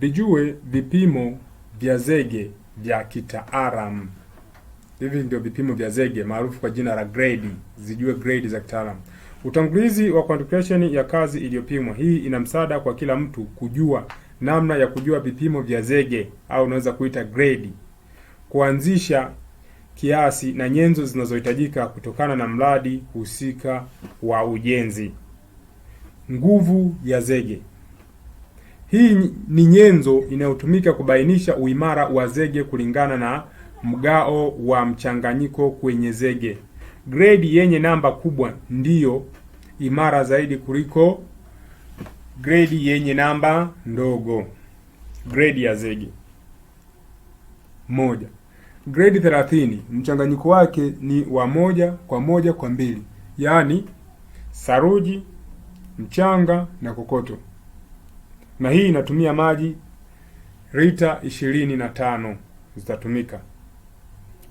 vijue vipimo vya zege vya kitaalam. Hivi ndio vipimo vya zege maarufu kwa jina la grade, zijue grade za kitaalam. Utangulizi wa quantification ya kazi iliyopimwa. Hii ina msaada kwa kila mtu kujua namna ya kujua vipimo vya zege au unaweza kuita grade, kuanzisha kiasi na nyenzo zinazohitajika kutokana na mradi husika wa ujenzi. Nguvu ya zege. Hii ni nyenzo inayotumika kubainisha uimara wa zege kulingana na mgao wa mchanganyiko kwenye zege. Gredi yenye namba kubwa ndiyo imara zaidi kuliko gredi yenye namba ndogo. Gredi ya zege moja. Gredi 30 mchanganyiko wake ni wa moja kwa moja kwa mbili, yaani saruji, mchanga na kokoto na hii inatumia maji lita ishirini na tano zitatumika.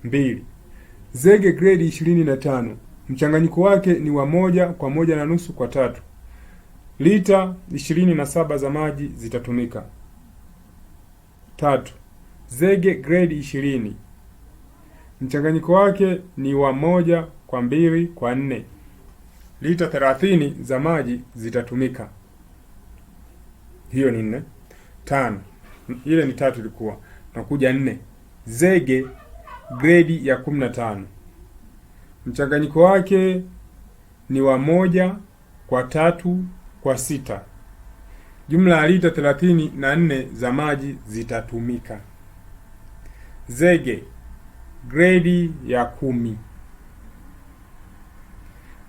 Mbili, zege gredi ishirini na tano mchanganyiko wake ni wa moja kwa moja na nusu kwa tatu lita ishirini na saba za maji zitatumika. Tatu, zege gredi ishirini mchanganyiko wake ni wa moja kwa mbili kwa nne lita thelathini za maji zitatumika hiyo ni nne. Tano, ile ni tatu ilikuwa nakuja nne. Zege gredi ya kumi na tano mchanganyiko wake ni wa moja kwa tatu kwa sita. Jumla ya lita thelathini na nne za maji zitatumika. Zege gredi ya kumi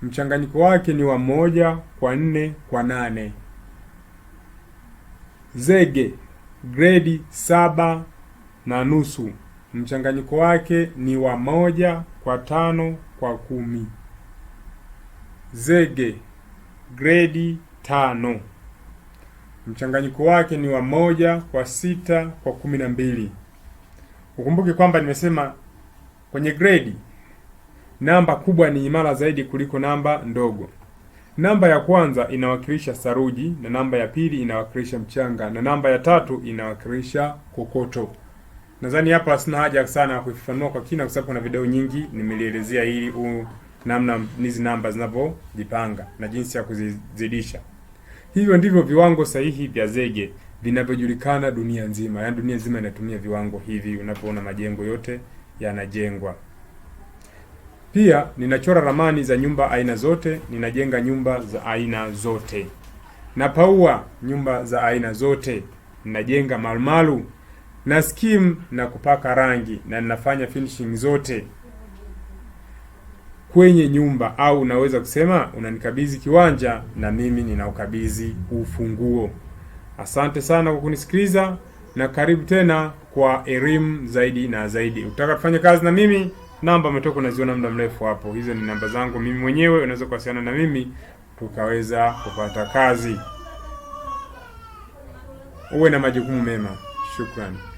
mchanganyiko wake ni wa moja kwa nne kwa nane. Zege gredi saba na nusu, mchanganyiko wake ni wa moja kwa tano kwa kumi. Zege gredi tano, mchanganyiko wake ni wa moja kwa sita kwa kumi na mbili. Ukumbuke kwamba nimesema kwenye gredi namba kubwa ni imara zaidi kuliko namba ndogo. Namba ya kwanza inawakilisha saruji na namba ya pili inawakilisha mchanga na namba ya tatu inawakilisha kokoto. Nadhani hapa sina haja sana ya kuifafanua kwa kina, kwa sababu kuna video nyingi nimelielezea hili huu namna hizi namba zinavyojipanga na jinsi ya kuzizidisha. Hivyo ndivyo viwango sahihi vya zege vinavyojulikana dunia nzima, yaani dunia nzima inatumia viwango hivi, unapoona majengo yote yanajengwa. Pia ninachora ramani za nyumba aina zote, ninajenga nyumba za aina zote, napaua nyumba za aina zote, ninajenga malumalu na skim na kupaka rangi, na ninafanya finishing zote kwenye nyumba, au unaweza kusema unanikabidhi kiwanja na mimi ninaukabidhi ufunguo. Asante sana kwa kunisikiliza na karibu tena kwa elimu zaidi na zaidi. Utaka kufanya kazi na mimi namba umetoka unaziona muda mrefu hapo. Hizo ni namba zangu mimi mwenyewe, unaweza kuwasiliana na mimi tukaweza kupata kazi. Uwe na majukumu mema. Shukrani.